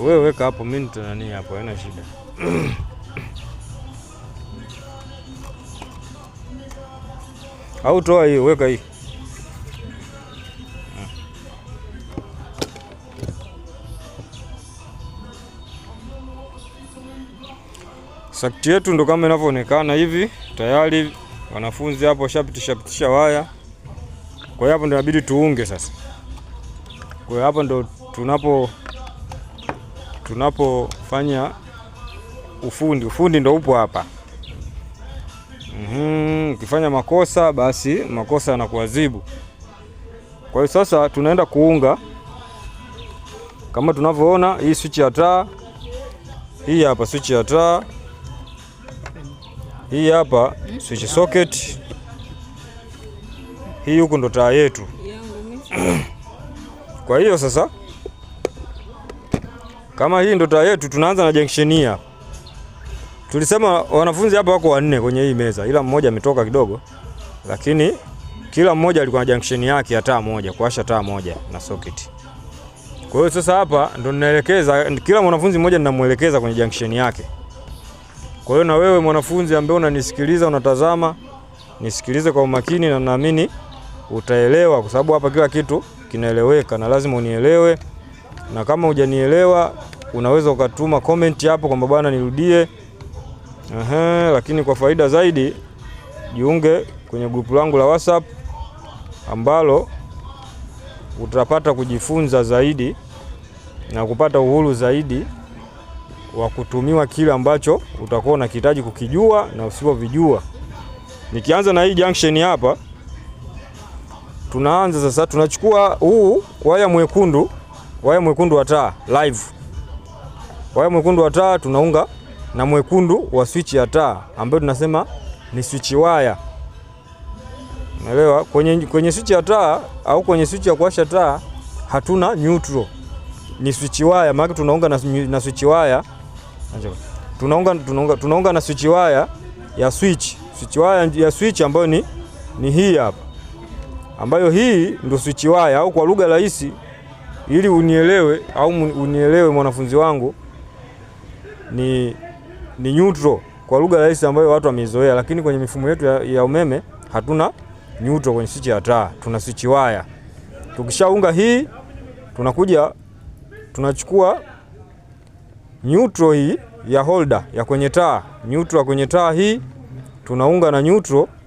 Wewe weka hapo, mimi nitanani hapo, haina shida. Au toa hiyo weka hii. Sakti yetu ndo kama inavyoonekana hivi, tayari wanafunzi hapo pitisha waya. Kwa hiyo hapo ndio inabidi tuunge sasa. Kwa hiyo hapo ndo tunapo tunapofanya ufundi. Ufundi ndo upo hapa. Mm-hmm. Ukifanya makosa basi makosa yanakuadhibu. Kwa hiyo sasa tunaenda kuunga kama tunavyoona, hii swichi ya taa hii hapa, swichi ya taa hii hapa, swichi socket hii, huku ndo taa yetu Kwa hiyo sasa, kama hii ndo taa yetu, tunaanza na junction hii hapa. Tulisema wanafunzi hapa wako wanne kwenye hii meza, ila mmoja ametoka kidogo, lakini kila mmoja alikuwa na junction yake ya taa moja, kuwasha taa moja na socket. Kwa hiyo sasa hapa ndo ninaelekeza kila mwanafunzi mmoja, ninamuelekeza kwenye junction yake. Kwa hiyo na wewe mwanafunzi ambaye unanisikiliza, unatazama, nisikilize kwa umakini, na naamini utaelewa, kwa sababu hapa kila kitu kinaeleweka na lazima unielewe, na kama hujanielewa unaweza ukatuma comment hapo kwamba bwana nirudie. Aha, lakini kwa faida zaidi jiunge kwenye grupu langu la WhatsApp ambalo utapata kujifunza zaidi na kupata uhuru zaidi wa kutumiwa kile ambacho utakuwa unakihitaji kukijua na usipovijua. Nikianza na hii junction hapa tunaanza sasa, tunachukua huu waya mwekundu, waya mwekundu wa taa live, waya mwekundu wa taa tunaunga na mwekundu wa switch ya taa ambayo tunasema ni switch waya. Unaelewa? Kwenye, kwenye switch ya taa au kwenye switch ya kuwasha taa hatuna neutral, ni switch waya, maana tunaunga na, na switch waya tunaunga, tunaunga, tunaunga na switch waya ya switch, switch waya ya switch ambayo ni, ni hii hapa ambayo hii ndio swichi waya au kwa lugha rahisi, ili unielewe au unielewe mwanafunzi wangu, ni, ni neutral kwa lugha rahisi ambayo watu wameizoea, lakini kwenye mifumo yetu ya, ya umeme hatuna neutral kwenye switch ya taa, tuna switch waya. Tukishaunga hii tunakuja tunachukua neutral hii ya holder ya kwenye taa, neutral ya kwenye taa hii tunaunga na neutral